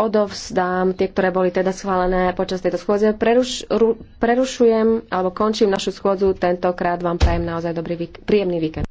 odovzdám tie, ktoré boli teda schválené počas tejto schôdze. Preruš, ru, prerušujem alebo končím našu schôdzu. Tentokrát vám prajem naozaj dobrý, príjemný víkend.